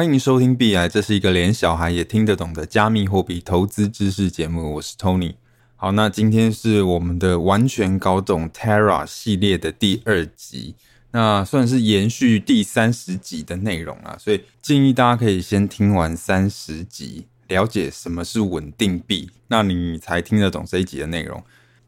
歡迎收聽《幣愛》，這是一個連小孩也聽得懂的加密貨幣投資知識節目。我是 Tony。好，那今天是我們的完全搞懂 Terra 系列的第二集，那算是延續第三十集的內容了。所以建議大家可以先聽完三十集，了解什麼是穩定幣，那你才聽得懂這一集的內容。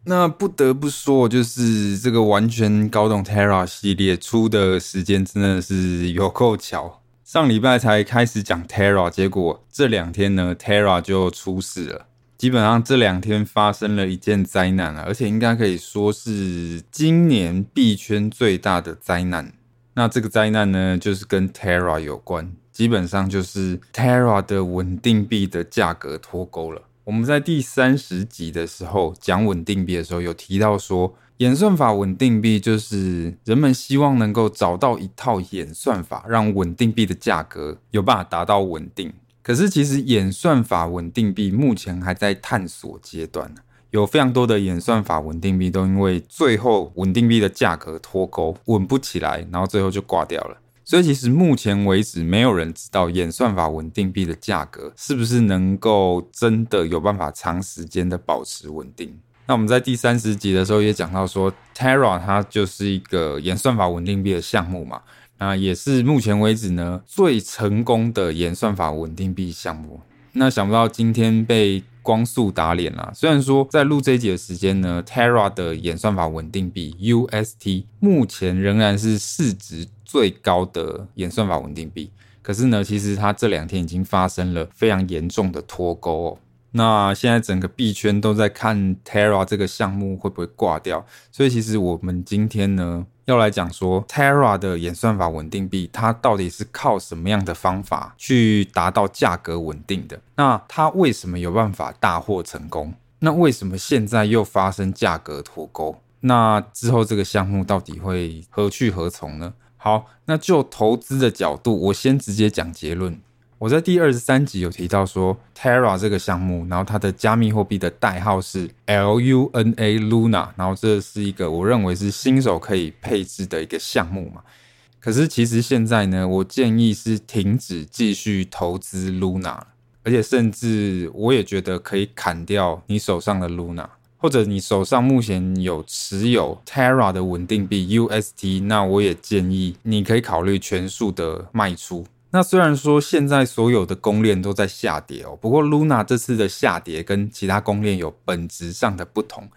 那不得不說，就是這個完全搞懂 Terra 系列出的時間真的是有夠巧。上禮拜才開始講 Terra，結果這兩天呢，Terra 就出事了。基本上這兩天發生了一件災難啊，而且應該可以說是今年幣圈最大的災難。那這個災難呢，就是跟 Terra 有關，基本上就是 Terra 的穩定幣的價格脫鈎了。我們在第三十集的時候，講穩定幣的時候，有提到說，演算法穩定幣就是人們希望能夠找到一套演算法，讓穩定幣的價格有辦法達到穩定。可是，其實演算法穩定幣目前還在探索階段，有非常多的演算法穩定幣都因為最後穩定幣的價格脫鈎，穩不起來，然後最後就掛掉了。所以，其實目前為止，沒有人知道演算法穩定幣的價格是不是能夠真的有辦法長時間的保持穩定。那我們在第三十集的時候也講到說，Terra 它就是一個演算法穩定幣的項目嘛，那也是目前為止呢最成功的演算法穩定幣項目。那想不到今天被光速打臉了啊。雖然說在錄這一集的時間呢，Terra 的演算法穩定幣 UST 目前仍然是市值最高的演算法穩定幣，可是呢，其實它這兩天已經發生了非常嚴重的脫鈎哦。那現在整個幣圈都在看 Terra 這個項目會不會掛掉，所以其實我們今天呢要來講說 Terra 的演算法穩定幣，它到底是靠什麼樣的方法去達到價格穩定的？那它為什麼有辦法大獲成功？那為什麼現在又發生價格脫鈎？那之後這個項目到底會何去何從呢？好，那就投資的角度，我先直接講結論。我在第二十三集有提到說 Terra 這個項目，然後它的加密貨幣的代號是 LUNA Luna，然後這是一個我認為是新手可以配置的一個項目嘛。可是其實現在呢，我建議是停止繼續投資 Luna，而且甚至我也覺得可以砍掉你手上的 Luna，或者你手上目前有持有 Terra 的穩定幣 UST，那我也建議你可以考慮全數的賣出。那雖然說現在所有的公鏈都在下跌哦，不過 Luna 這次的下跌跟其他公鏈有本質上的不同，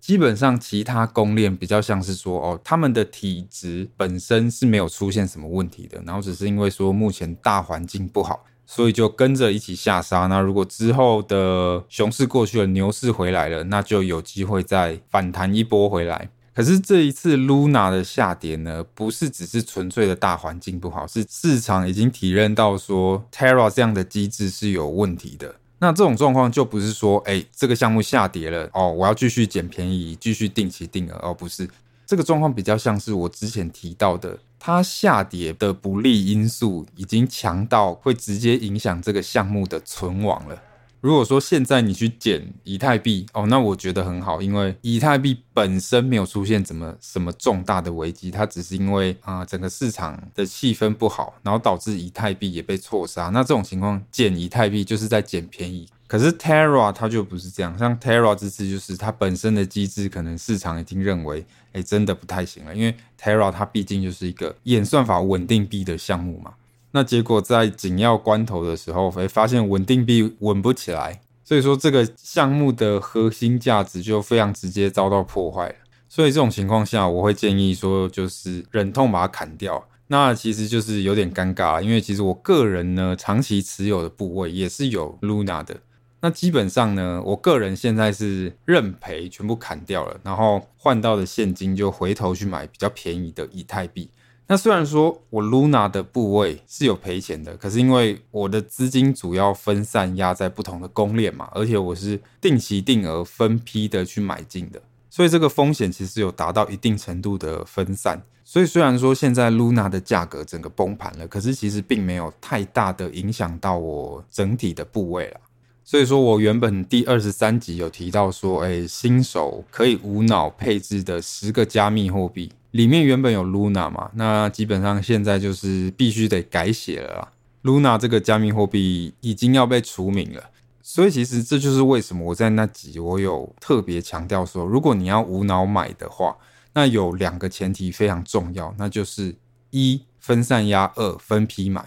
基本上其他公鏈比較像是說哦，他們的體質本身是沒有出現什麼問題的，然後只是因為說目前大環境不好，所以就跟着一起下殺。那如果之後的熊市過去了，牛市回來了，那就有機會再反彈一波回來。可是這一次 Luna 的下跌呢，不是只是純粹的大環境不好，是市場已經體認到說 Terra 這樣的機制是有問題的。那這種狀況就不是說，哎、欸，這個項目下跌了，哦，我要繼續撿便宜，繼續定期定額，哦，不是。這個狀況比較像是我之前提到的，它下跌的不利因素已經強到會直接影響這個項目的存亡了。如果說現在你去撿以太幣，哦，那我覺得很好，因為以太幣本身沒有出現什麼什麼重大的危機，它只是因為啊、呃、整個市場的氣氛不好，然後導致以太幣也被錯殺。那這種情況撿以太幣就是在撿便宜。可是 Terra 它就不是這樣，像 Terra 這次就是它本身的機制，可能市場已經認為，哎，真的不太行了，因為 Terra 它畢竟就是一個演算法穩定幣的項目嘛。那結果在緊要關頭的時候，會、欸、發現穩定幣穩不起來，所以說這個項目的核心價值就非常直接遭到破壞了。所以這種情況下，我會建議說，就是忍痛把它砍掉。那其實就是有點尷尬，因為其實我個人呢，長期持有的部位也是有 Luna 的。那基本上呢，我個人現在是認賠，全部砍掉了，然後換到的現金就回頭去買比較便宜的以太幣。那雖然說我 Luna 的部位是有賠錢的，可是因為我的資金主要分散壓在不同的公鏈嘛，而且我是定期定額分批的去買進的，所以這個風險其實有達到一定程度的分散。所以雖然說現在 Luna 的價格整個崩盤了，可是其實並沒有太大的影響到我整體的部位了。所以說我原本第二十三集有提到說，哎、欸，新手可以無腦配置的十個加密貨幣裡面，原本有 Luna 嘛，那基本上現在就是必須得改寫了啦。Luna 這個加密貨幣已經要被除名了，所以其實這就是為什麼我在那集我有特別強調說，如果你要無腦買的話，那有兩個前提非常重要，那就是一分散押，二分批買。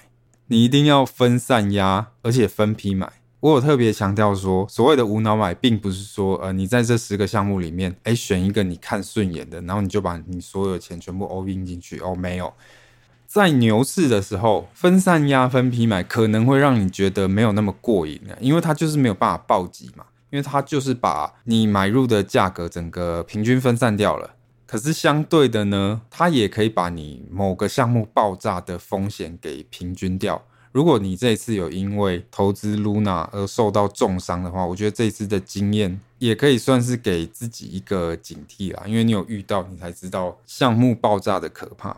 你一定要分散押，而且分批買。我有特別強調說，所謂的無腦買，並不是說，呃，你在這十個項目裡面，哎、欸，選一個你看順眼的，然後你就把你所有的錢全部 all in 進去哦。沒有，在牛市的時候，分散壓、分批買，可能會讓你覺得沒有那麼過癮，因為它就是沒有辦法暴擊嘛，因為它就是把你買入的價格整個平均分散掉了。可是相對的呢，它也可以把你某個項目爆炸的風險給平均掉。如果你這一次有因為投資 Luna 而受到重傷的話，我覺得這一次的經驗也可以算是給自己一個警惕啊。因為你有遇到，你才知道項目爆炸的可怕。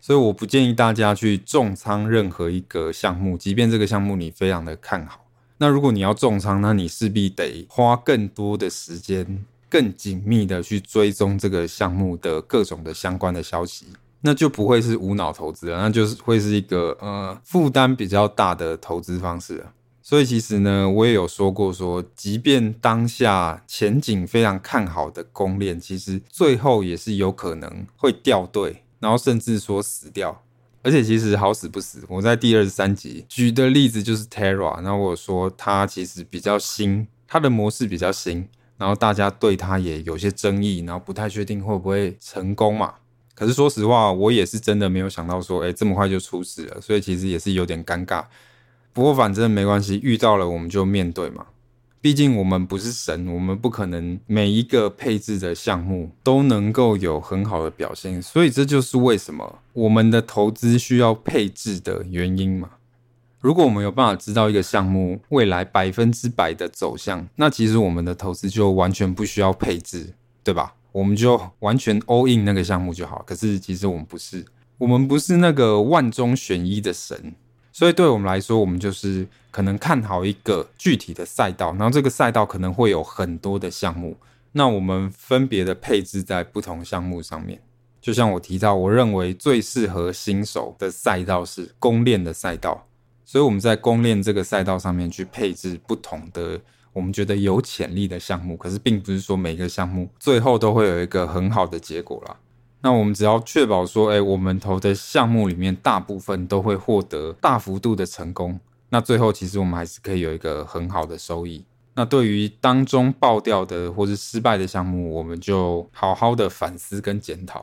所以我不建議大家去重倉任何一個項目，即便這個項目你非常的看好。那如果你要重倉，那你勢必得花更多的時間，更緊密的去追蹤這個項目的各種的相關的消息。那就不會是無腦投資了，那就是會是一個呃負擔比較大的投資方式了。所以其實呢，我也有說過說，說即便當下前景非常看好的公鏈，其實最後也是有可能會掉隊，然後甚至說死掉。而且其實好死不死，我在第二十三集舉的例子就是 Terra，然後我說它其實比較新，它的模式比較新，然後大家對它也有些爭議，然後不太確定會不會成功嘛。可是說實話，我也是真的沒有想到說，哎，這麼快就出事了，所以其實也是有點尷尬。不過反正沒關係，遇到了我們就面對嘛。畢竟我們不是神，我們不可能每一個配置的項目都能夠有很好的表現，所以這就是為什麼我們的投資需要配置的原因嘛。如果我們有辦法知道一個項目未來百分之百的走向，那其實我們的投資就完全不需要配置，對吧？我們就完全 all in 那個項目就好。可是其實我們不是，我們不是那個萬中選一的神，所以對我們來說，我們就是可能看好一個具體的賽道，然後這個賽道可能會有很多的項目，那我們分別的配置在不同項目上面。就像我提到，我認為最適合新手的賽道是公鏈的賽道，所以我們在公鏈這個賽道上面去配置不同的。我們覺得有潛力的項目，可是並不是說每個項目最後都會有一個很好的結果啦。那我們只要確保說，哎、欸，我們投的項目裡面大部分都會獲得大幅度的成功，那最後其實我們還是可以有一個很好的收益。那對於當中爆掉的或是失敗的項目，我們就好好的反思跟檢討。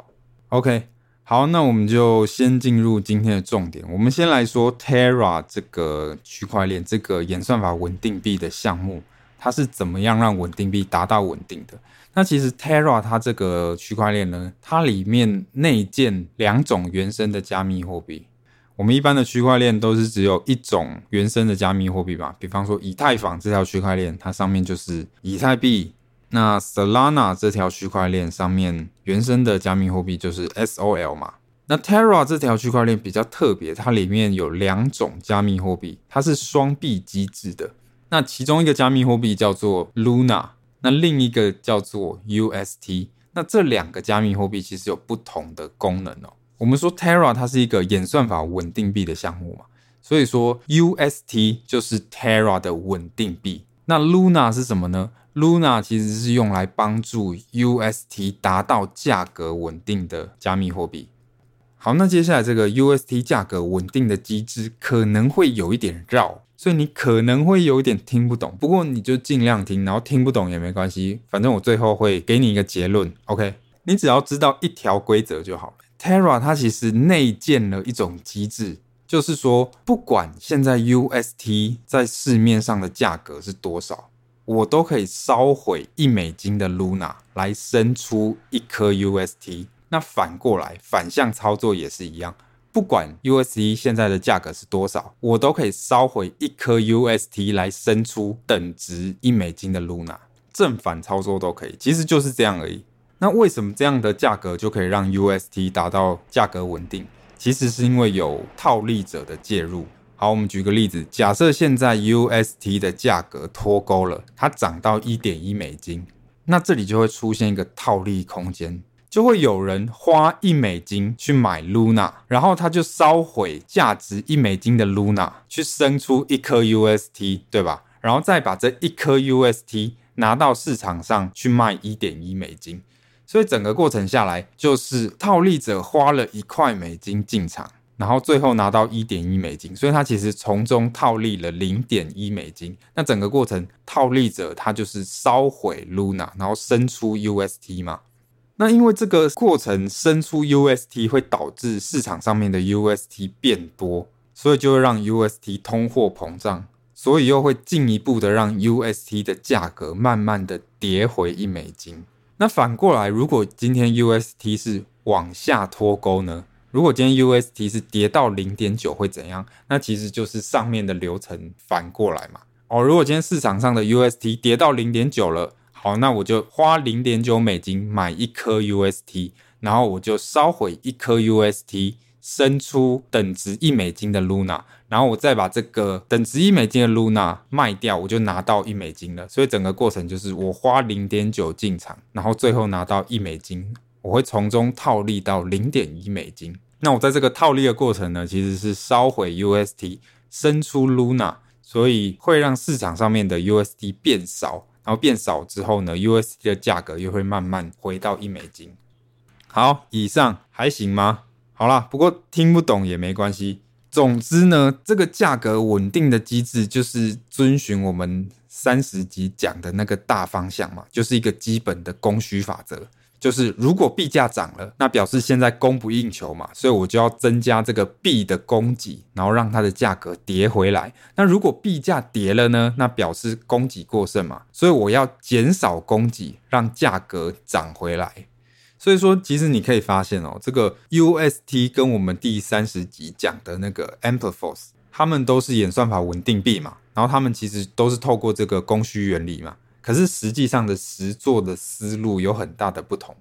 OK，好，那我們就先進入今天的重點。我們先來說 Terra 這個區塊鏈這個演算法穩定幣的項目。它是怎麼樣讓穩定幣達到穩定的？那其實 Terra 它這個區塊鏈呢，它裡面內建兩種原生的加密貨幣。我們一般的區塊鏈都是只有一種原生的加密貨幣嘛，比方說以太坊這條區塊鏈，它上面就是以太幣。那 Solana 這條區塊鏈上面原生的加密貨幣就是 SOL 嘛。那 Terra 這條區塊鏈比較特別，它裡面有兩種加密貨幣，它是雙幣機制的。那其中一個加密貨幣叫做 Luna，那另一個叫做 UST，那這兩個加密貨幣其實有不同的功能哦。我們說 Terra 它是一個演算法穩定幣的項目嘛，所以說 UST 就是 Terra 的穩定幣。那 Luna 是什麼呢？Luna 其實是用來幫助 UST 達到價格穩定的加密貨幣。好，那接下來這個 UST 價格穩定的機制可能會有一點繞。所以你可能會有一點聽不懂，不過你就盡量聽，然後聽不懂也沒關係，反正我最後會給你一個結論。OK，你只要知道一條規則就好了。Terra 它其實內建了一種機制，就是說不管現在 UST 在市面上的價格是多少，我都可以燒毀一美金的 Luna 來生出一顆 UST。那反過來，反向操作也是一樣。不管 UST 現在的價格是多少，我都可以燒毀一顆 UST 來生出等值一美金的 Luna，正反操作都可以，其實就是這樣而已。那為什麼這樣的價格就可以讓 UST 達到價格穩定？其實是因為有套利者的介入。好，我們舉個例子，假設現在 UST 的價格脫鈎了，它漲到一點一美金，那這裡就會出現一個套利空間。就會有人花一美金去買 Luna，然後他就燒毀價值一美金的 Luna，去生出一顆 UST，對吧？然後再把這一顆 UST 拿到市場上去賣一點一美金，所以整個過程下來就是套利者花了一塊美金進場，然後最後拿到一點一美金，所以他其實從中套利了零點一美金。那整個過程，套利者他就是燒毀 Luna，然後生出 UST 嘛。那因為這個過程生出 UST 會導致市場上面的 UST 變多，所以就會讓 UST 通貨膨脹，所以又會進一步的讓 UST 的價格慢慢的跌回一美金。那反過來，如果今天 UST 是往下脫鈎呢？如果今天 UST 是跌到零點九會怎樣？那其實就是上面的流程反過來嘛。哦，如果今天市場上的 UST 跌到零點九了。好，那我就花零點九美金買一顆 UST，然後我就燒毀一顆 UST，生出等值一美金的 Luna，然後我再把這個等值一美金的 Luna 賣掉，我就拿到一美金了。所以整個過程就是我花零點九進場，然後最後拿到一美金，我會從中套利到零點一美金。那我在這個套利的過程呢，其實是燒毀 UST，生出 Luna，所以會讓市場上面的 UST 變少。然後變少之後呢，USD 的價格又會慢慢回到一美金。好，以上還行嗎？好啦，不過聽不懂也沒關係。總之呢，這個價格穩定的機制就是遵循我們三十集講的那個大方向嘛，就是一個基本的供需法則。就是如果幣價漲了，那表示現在供不應求嘛，所以我就要增加這個幣的供給，然後讓它的價格跌回來。那如果幣價跌了呢？那表示供給過剩嘛，所以我要減少供給，讓價格漲回來。所以說，其實你可以發現哦、喔，這個 UST 跟我們第三十集講的那個 Ampleforth，他們都是演算法穩定幣嘛，然後他們其實都是透過這個供需原理嘛。可是實際上的實作的思路有很大的不同。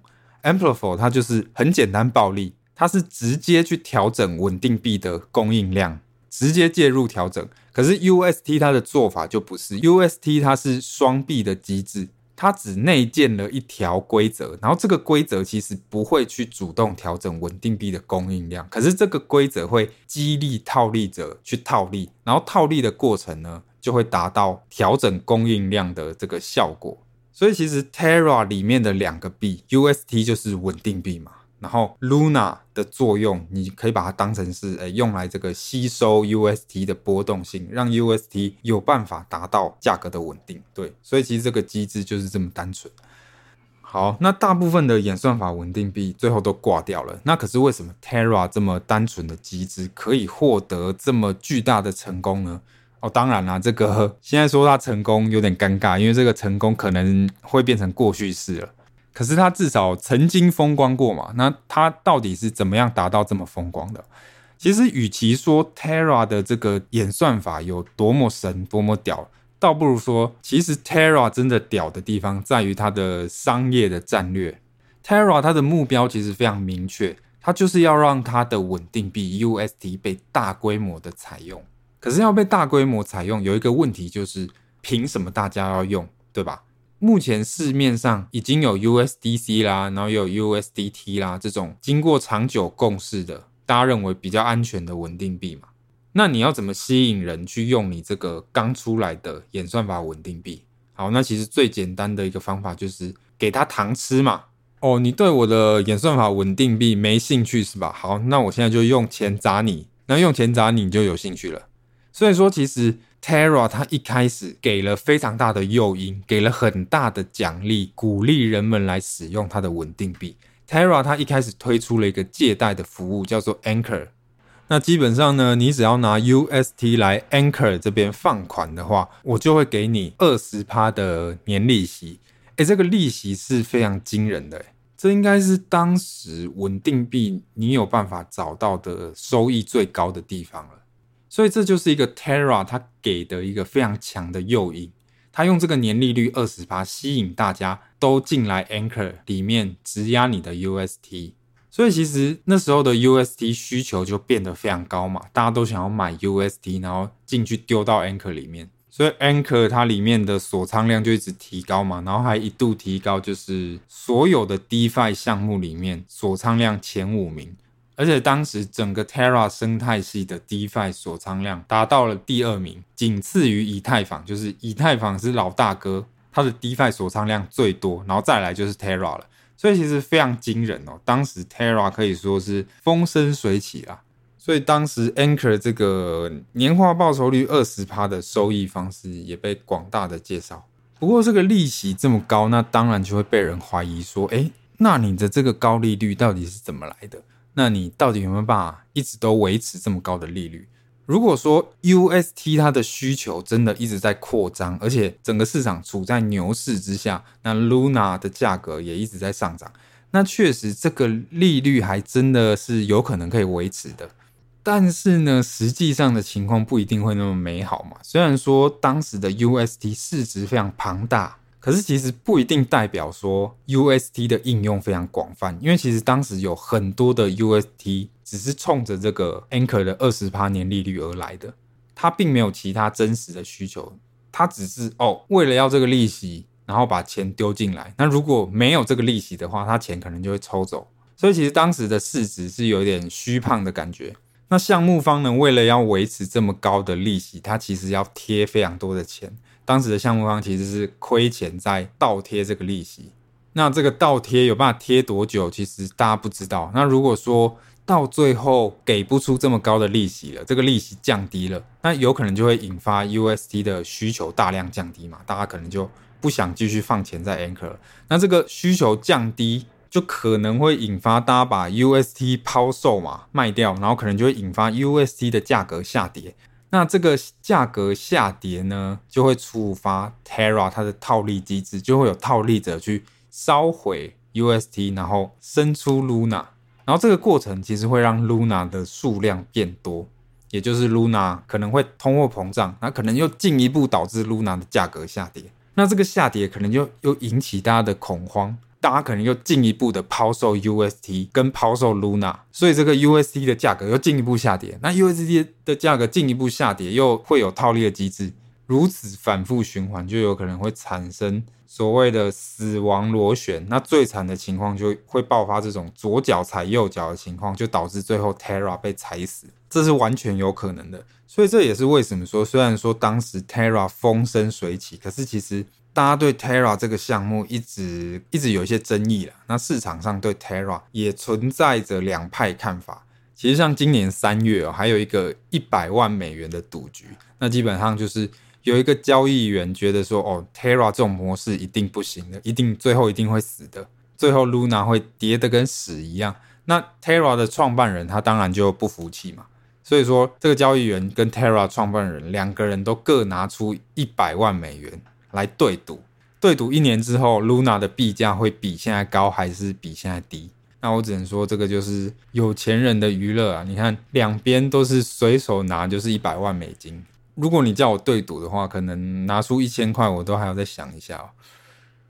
Ampleforth 它就是很簡單暴力，它是直接去調整穩定幣的供應量，直接介入調整。可是 UST 它的做法就不是，UST 它是雙幣的機制，它只內建了一條規則，然後這個規則其實不會去主動調整穩定幣的供應量，可是這個規則會激勵套利者去套利，然後套利的過程呢？就會達到調整供應量的這個效果，所以其實 Terra 裡面的兩個幣 UST 就是穩定幣嘛，然後 Luna 的作用，你可以把它當成是哎，用來這個吸收 UST 的波動性，讓 UST 有辦法達到價格的穩定。對，所以其實這個機制就是這麼單純。好，那大部分的演算法穩定幣最後都掛掉了，那可是為什麼 Terra 這麼單純的機制可以獲得這麼巨大的成功呢？哦，當然啦、啊，這個現在說他成功有點尷尬，因為這個成功可能會變成過去式了。可是他至少曾經風光過嘛。那他到底是怎麼樣達到這麼風光的？其實，與其說 Terra 的這個演算法有多麼神、多麼屌，倒不如說，其實 Terra 真的屌的地方在於它的商業的戰略。Terra 它的目標其實非常明確，它就是要讓它的穩定幣 UST 被大規模的採用。可是要被大規模採用，有一個問題就是，憑什麼大家要用，對吧？目前市面上已經有 USDC 啦，然後有 USDT 啦，這種經過長久共識的，大家認為比較安全的穩定幣嘛。那你要怎麼吸引人去用你這個剛出來的演算法穩定幣？好，那其實最簡單的一個方法就是給他糖吃嘛。哦，你對我的演算法穩定幣沒興趣是吧？好，那我現在就用錢砸你，那用錢砸你就有興趣了。所以說，其實 Terra 它一開始給了非常大的誘因，給了很大的獎勵，鼓勵人們來使用它的穩定幣。Terra 它一開始推出了一個借貸的服務，叫做 Anchor。那基本上呢，你只要拿 UST 來 Anchor 這邊放款的話，我就會給你二十趴的年利息。哎，欸，這個利息是非常驚人的。欸，這應該是當時穩定幣你有辦法找到的收益最高的地方了。所以這就是一個 Terra 它給的一個非常強的誘因，他用這個年利率20%吸引大家都進來 Anchor 裡面質押你的 UST。所以其實那時候的 UST 需求就變得非常高嘛，大家都想要買 UST，然後進去丟到 Anchor 裡面。所以 Anchor 它裡面的鎖倉量就一直提高嘛，然後還一度提高，就是所有的 DeFi 項目裡面鎖倉量前五名。而且當時整個 Terra 生態系的 DeFi 鎖倉量達到了第二名，僅次於以太坊，就是以太坊是老大哥，它的 DeFi 鎖倉量最多，然後再來就是 Terra 了，所以其實非常驚人哦。當時 Terra 可以說是風生水起啦，所以當時 Anchor 這個年化報酬率二十趴的收益方式也被廣大的介紹。不過這個利息這麼高，那當然就會被人懷疑說：哎、欸，那你的這個高利率到底是怎麼來的？那你到底有沒有辦法一直都維持這麼高的利率？如果說 UST 它的需求真的一直在擴張，而且整個市場處在牛市之下，那 Luna 的價格也一直在上漲，那確實這個利率還真的是有可能可以維持的。但是呢，實際上的情況不一定會那麼美好嘛。雖然說當時的 UST 市值非常龐大，可是其實不一定代表說 UST 的應用非常廣泛，因為其實當時有很多的 UST 只是衝着這個 Anchor 的二十趴年利率而來的，它並沒有其他真實的需求，它只是哦為了要這個利息，然後把錢丟進來。那如果沒有這個利息的話，它錢可能就會抽走。所以其實當時的市值是有點虛胖的感覺。那項目方呢，為了要維持這麼高的利息，它其實要貼非常多的錢。當時的項目方其實是虧錢在倒貼這個利息，那這個倒貼有辦法貼多久？其實大家不知道。那如果說到最後給不出這麼高的利息了，這個利息降低了，那有可能就會引發 UST 的需求大量降低嘛？大家可能就不想繼續放錢在 Anchor 了。那這個需求降低，就可能會引發大家把 UST 拋售嘛，賣掉，然後可能就會引發 UST 的價格下跌。那這個價格下跌呢，就會觸發 Terra 它的套利機制，就會有套利者去燒毀 UST，然後伸出 Luna，然後這個過程其實會讓 Luna 的數量變多，也就是 Luna 可能會通貨膨脹，那可能又進一步導致 Luna 的價格下跌，那這個下跌可能就又引起大家的恐慌。大家可能又進一步的拋售 UST，跟拋售 Luna，所以這個 UST 的價格又進一步下跌。那 UST 的價格進一步下跌，又會有套利的機制，如此反覆循環，就有可能會產生所謂的死亡螺旋。那最慘的情況就會爆發這種左腳踩右腳的情況，就導致最後 Terra 被踩死，這是完全有可能的。所以這也是為什麼說，雖然說當時 Terra 風生水起，可是其實。大家對 Terra 這個項目一直一直有一些爭議了。那市場上對 Terra 也存在着兩派看法。其實像今年三月哦、喔，還有一個一百萬美元的賭局。那基本上就是有一個交易員覺得說：“哦，Terra 這種模式一定不行的，一定最後一定會死的，最後 Luna 會跌得跟屎一樣。”那 Terra 的創辦人他當然就不服氣嘛。所以說，這個交易員跟 Terra 創辦人兩個人都各拿出一百萬美元。來對賭，對賭一年之後，Luna 的幣價會比現在高還是比現在低？那我只能說，這個就是有錢人的娛樂啊！你看，兩邊都是隨手拿就是一百萬美金。如果你叫我對賭的話，可能拿出一千塊，我都還要再想一下哦。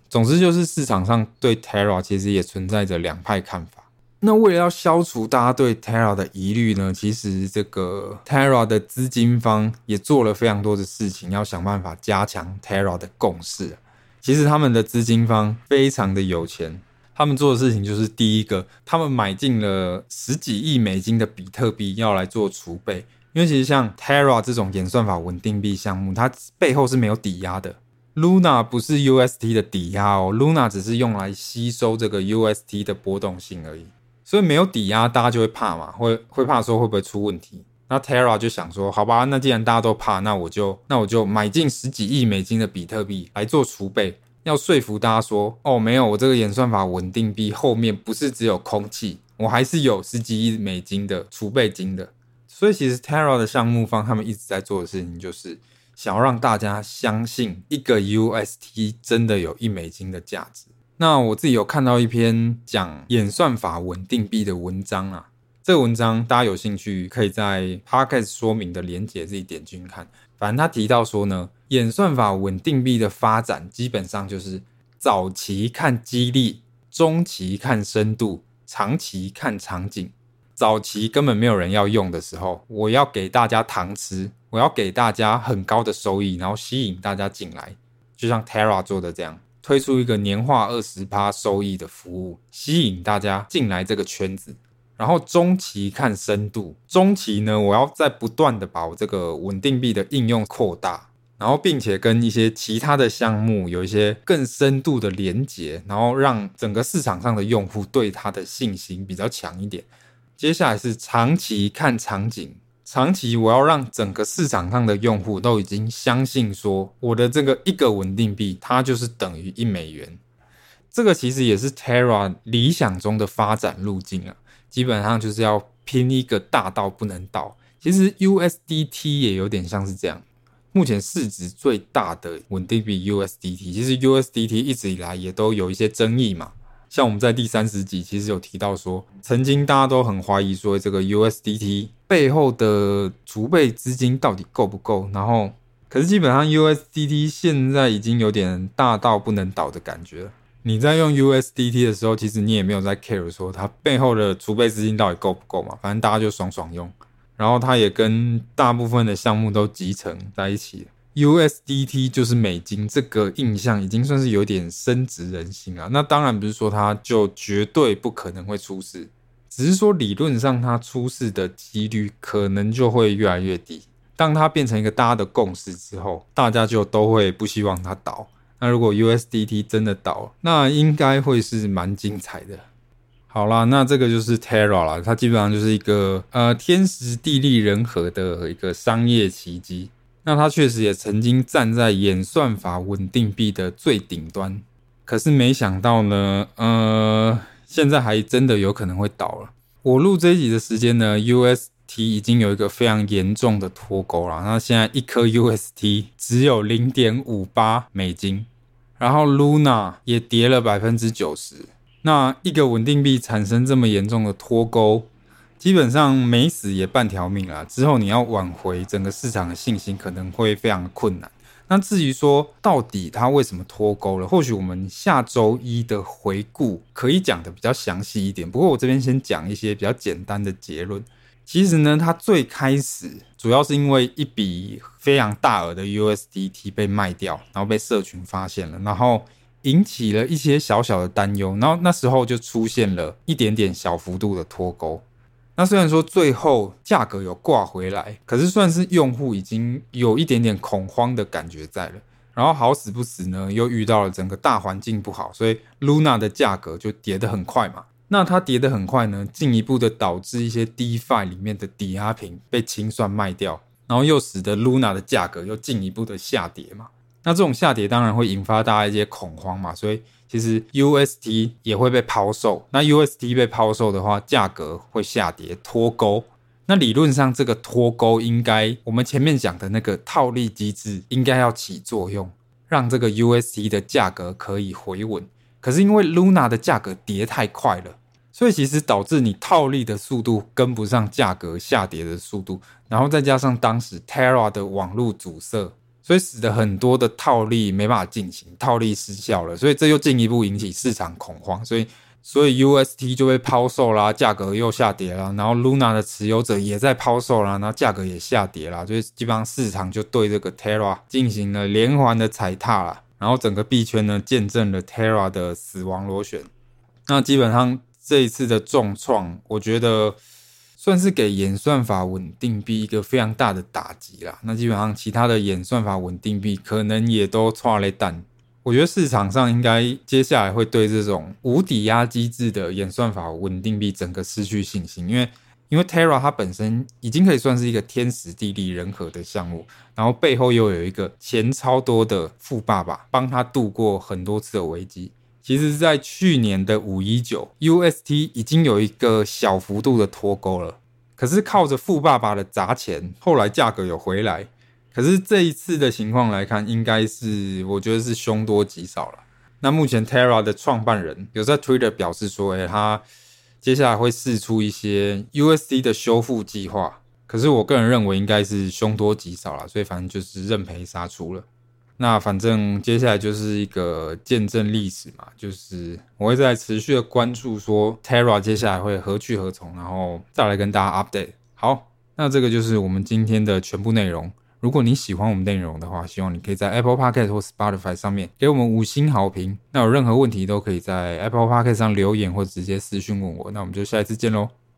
總之，就是市場上對 Terra 其實也存在着兩派看法。那為了要消除大家對 Terra 的疑慮呢，其實這個 Terra 的資金方也做了非常多的事情，要想辦法加強 Terra 的共識。其實他們的資金方非常的有錢，他們做的事情就是第一個，他們買進了十幾億美金的比特幣要來做儲備，因為其實像 Terra 這種演算法穩定幣項目，它背後是沒有抵押的。Luna 不是 UST 的抵押哦，Luna 只是用來吸收這個 UST 的波動性而已。所以沒有抵押，大家就會怕嘛，會會怕說，會不會出問題？那 Terra 就想說，好吧，那既然大家都怕，那我就那我就買進十幾億美金的比特幣來做儲備，要說服大家說，哦，沒有，我這個演算法穩定幣後面不是只有空氣，我還是有十幾億美金的儲備金的。所以其實 Terra 的項目方他們一直在做的事情，就是想要讓大家相信一個 UST 真的有一美金的價值。那我自己有看到一篇講演算法穩定幣的文章啊，這個文章大家有興趣可以在 Podcast 說明的連接自己點進去看。反正他提到說呢，演算法穩定幣的發展基本上就是早期看激勵，中期看深度，長期看場景。早期根本沒有人要用的時候，我要給大家糖吃，我要給大家很高的收益，然後吸引大家進來，就像 Terra 做的這樣。推出一個年化二十%收益的服務，吸引大家進來這個圈子。然後中期看深度，中期呢，我要再不斷的把我這個穩定幣的應用擴大，然後並且跟一些其他的項目有一些更深度的連接，然後讓整個市場上的用戶對它的信心比較強一點。接下來是長期看場景。長期我要讓整個市場上的用戶都已經相信說，我的這個一個穩定幣，它就是等於一美元。這個其實也是 Terra 理想中的發展路徑啊，基本上就是要拼一個大到不能倒。其實 USDT 也有點像是這樣，目前市值最大的穩定幣 USDT，其實 USDT 一直以來也都有一些爭議嘛。像我們在第三十集其實有提到說，曾經大家都很懷疑說這個 USDT 背後的儲備資金到底夠不夠，然後可是基本上 USDT 現在已經有點大到不能倒的感覺了。你在用 USDT 的時候，其實你也沒有在 care 說它背後的儲備資金到底夠不夠嘛，反正大家就爽爽用，然後它也跟大部分的項目都集成在一起了。USDT 就是美金，這個印象已經算是有點深植人心啊。那當然不是說它就絕對不可能會出事，只是說理論上它出事的幾率可能就會越來越低。當它變成一個大家的共識之後，大家就都會不希望它倒。那如果 USDT 真的倒，那應該會是蠻精彩的。好啦，那這個就是 Terra 啦，它基本上就是一個呃天時地利人和的一個商業奇蹟。那他確實也曾經站在演算法穩定幣的最頂端，可是沒想到呢，呃，現在還真的有可能會倒了。我錄這一集的時間呢，UST 已經有一個非常嚴重的脫鈎啦。那現在一顆 UST 只有零點五八美金，然後 Luna 也跌了百分之九十。那一個穩定幣產生這麼嚴重的脫鈎。基本上沒死也半條命了。之後你要挽回整個市場的信心，可能會非常的困難。那至於說到底它為什麼脫鈎了，或許我們下周一的回顧可以講得比較詳細一點。不過我這邊先講一些比較簡單的結論。其實呢，它最開始主要是因為一筆非常大額的 USDT 被賣掉，然後被社群發現了，然後引起了一些小小的擔憂，然後那時候就出現了一點點小幅度的脫鈎。那雖然說最後價格有掛回來，可是算是用戶已經有一點點恐慌的感覺在了。然後好死不死呢，又遇到了整個大環境不好，所以 Luna 的價格就跌得很快嘛。那它跌得很快呢，進一步的導致一些 DeFi 裡面的抵押品被清算賣掉，然後又使得 Luna 的價格又進一步的下跌嘛。那這種下跌當然會引發大家一些恐慌嘛，所以。其實 UST 也會被拋售，那 UST 被拋售的話，價格會下跌脫鈎。那理論上，這個脫鈎應該我們前面講的那個套利機制應該要起作用，讓這個 UST 的價格可以回穩。可是因為 Luna 的價格跌太快了，所以其實導致你套利的速度跟不上價格下跌的速度，然後再加上當時 Terra 的網路阻塞。所以使得很多的套利沒辦法進行，套利失效了，所以這又進一步引起市場恐慌，所以所以 UST 就被拋售啦，價格又下跌啦，然後 Luna 的持有者也在拋售啦，然後價格也下跌啦，所以基本上市場就對這個 Terra 進行了連環的踩踏啦，然後整個幣圈呢，見證了 Terra 的死亡螺旋。那基本上這一次的重創，我覺得。算是給演算法穩定幣一個非常大的打擊啦。那基本上其他的演算法穩定幣可能也都剉咧等。我覺得市場上應該接下來會對這種無抵押機制的演算法穩定幣整個失去信心，因為因為 Terra 它本身已經可以算是一個天時地利人和的項目，然後背後又有一個錢超多的富爸爸幫他度過很多次的危機。其實，在去年的五一九，UST 已經有一個小幅度的脫鈎了。可是靠着富爸爸的砸錢，後來價格有回來。可是這一次的情況來看應，應該是我覺得是凶多吉少了。那目前 Terra 的創辦人有在 Twitter 表示說，哎、欸，他接下來會釋出一些 UST 的修復計劃。可是我個人認為應該是凶多吉少了，所以反正就是認賠殺出了。那反正接下來就是一個見證歷史嘛，就是我會再持續的關注說 Terra 接下來會何去何從，然後再來跟大家 update。好，那這個就是我們今天的全部內容。如果你喜歡我們內容的話，希望你可以在 Apple Podcast 或 Spotify 上面給我們五星好評。那有任何問題都可以在 Apple Podcast 上留言或直接私訊問我。那我們就下一次見嘍。